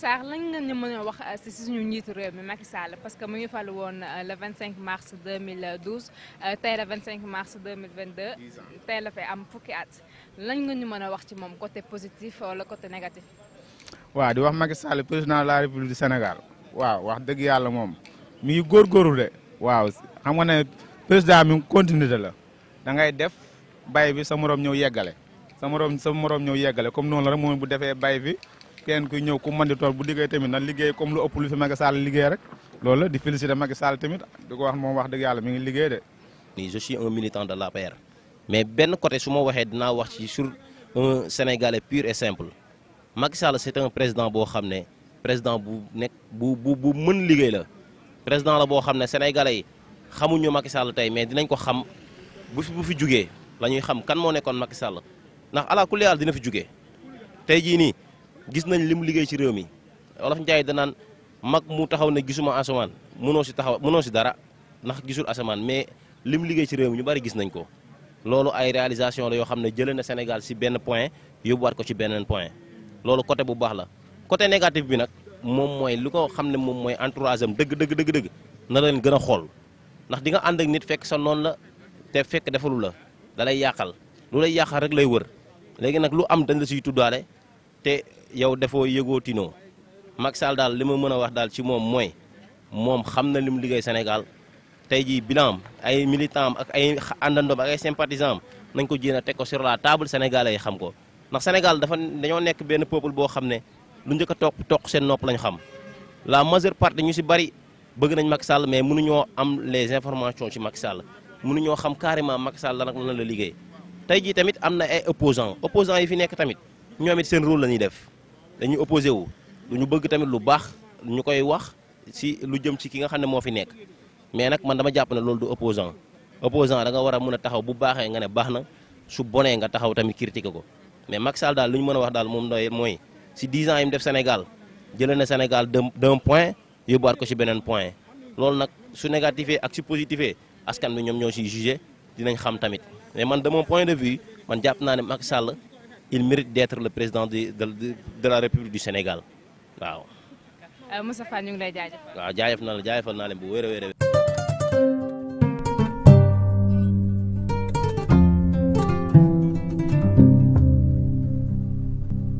Sarr lan nga ñu mën a wax euh, si suñu njiitu réew mi Macky Sall parce que mu ngi fal woon euh, le 25 mars 2012 euh, tey la 25 mars 2022. tey la fay am fukki at lañ nga ñu mën a wax ci moom côté positif wala côté négatif. waaw di wax Macky Sall président de la République du Sénégal waaw wax dëgg yàlla moom mi góor góoru de waaw xam nga ne président mi continuité la da ngay def bay bi sa morom ñëw yeggale sa morom sa morom ñëw yeggale comme noonu la rek moom bu defee bay bi. kenn kuy ñëw ku mën di tool bu liggéey tamit na liggéey comme lu ëpp lu fi Macky Sall liggéey rek loolu la di féliciter Macky Sall tamit di ko wax moom wax dëgg yàlla mi ngi liggéey de. mais benn côté su ma waxee dina wax ci sur un Sénégalais pur et simple Macky Sall c'est un président boo xam ne président bu nekk bu bu bu mën liggéey la président la boo xam ne Sénégalais yi xamuñu Macky Sall tey mais dinañ ko xam bu fi bu fi jugee la ñuy xam kan moo nekkoon Macky Sall ndax ala kulli fi jugee gis nañ li mu liggéey ci réew mi Wolof Njaay danaan mag mu taxaw ne gisuma asamaan mënoo si taxaw mënoo si dara ndax gisul asamaan mais li mu liggéey ci réew mi ñu bari gis nañ ko loolu ay réalisation la yoo xam ne jëlee na Sénégal si benn point yóbbuwaat ko ci beneen point loolu côté bu baax la côté négatif bi nag moom mooy lu ko xam ne moom mooy entourage am dëgg dëgg dëgg na leen gën a xool ndax di nga ànd ak nit fekk sa noonu la te fekk defalu la da lay yàqal lu lay yàqal rek lay wër léegi nag lu am dañ la siy yow defoo yëgoo tinoo Macky Sall daal li ma mën a wax daal ci moom mooy moom xam na lim liggéey Sénégal tey jii bilan ay militant ak ay àndandoom ak ay sympathisant am nañ ko jéem a teg ko sur la table sénégalais yi xam ko ndax Sénégal dafa dañoo nekk benn peuple boo xam ne lu njëkk toog toog seen nopp lañu xam la majeure partie ñu si bari bëgg nañ Macky Sall mais mënuñoo am les informations ci Macky Sall mënuñoo xam carrément Macky Sall lan la liggéey tey jii tamit am na ay opposants opposants yi fi nekk tamit ñoom it seen rôle la ñuy def. dañuy opposé wu ñu bëgg tamit lu baax ñu koy wax si lu jëm ci ki nga xam ne moo fi nekk mais nag man dama jàpp ne loolu du opposant opposant da nga war a mën a taxaw bu baaxee nga ne baax na su bonee nga taxaw tamit critiquer ko mais max Sall daal lu ñu mën a wax daal moom doy mooy si 10 ans yi mu def Sénégal jëlee na Sénégal d'un point yóbbuwaat ko si beneen point loolu nag su négatifé ak su positifé askan bi ñoom ñoo si jugé dinañ xam tamit mais man de mon point de vue man jàpp naa ne Macky Sall il mérite d'être le président de de de la République du Sénégal waaw. Euh, Moustapha ñu ngi lay jaajëf. waaw jaajëf naa la jaajëfal naa leen bu wéer a wéer